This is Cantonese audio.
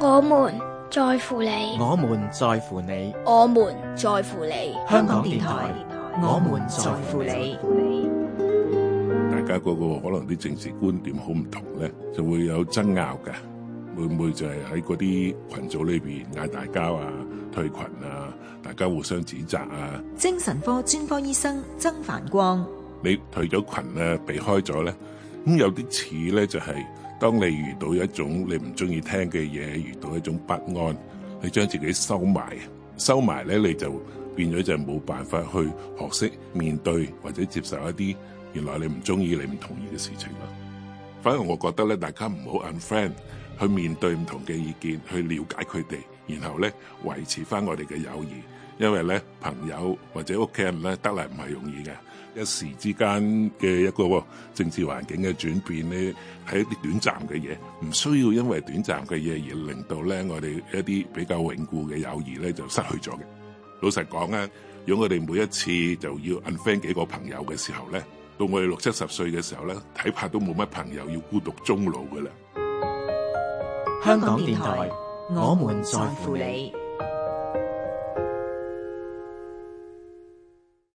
我們在乎你，我們在乎你，我們在乎你。香港電台我們在乎你。大家嗰個可能啲政治觀點好唔同咧，就會有爭拗嘅，會唔會就係喺嗰啲群組裏邊嗌大交啊、退群啊、大家互相指責啊？精神科專科醫生曾繁光，你退咗群咧、啊，避開咗咧，咁、嗯、有啲似咧就係、是。當你遇到一種你唔中意聽嘅嘢，遇到一種不安，你將自己收埋，收埋咧你就變咗就冇辦法去學識面對或者接受一啲原來你唔中意、你唔同意嘅事情啦。反而我覺得咧，大家唔好 unfriend 去面對唔同嘅意見，去了解佢哋，然後咧維持翻我哋嘅友誼。因為咧朋友或者屋企人咧得嚟唔係容易嘅，一時之間嘅一個政治環境嘅轉變咧，係一啲短暫嘅嘢，唔需要因為短暫嘅嘢而令到咧我哋一啲比較永固嘅友誼咧就失去咗嘅。老實講啊，如果我哋每一次就要 unfriend 幾個朋友嘅時候咧，到我哋六七十歲嘅時候咧，睇怕都冇乜朋友要孤獨終老㗎喇。香港電台，我們在乎你。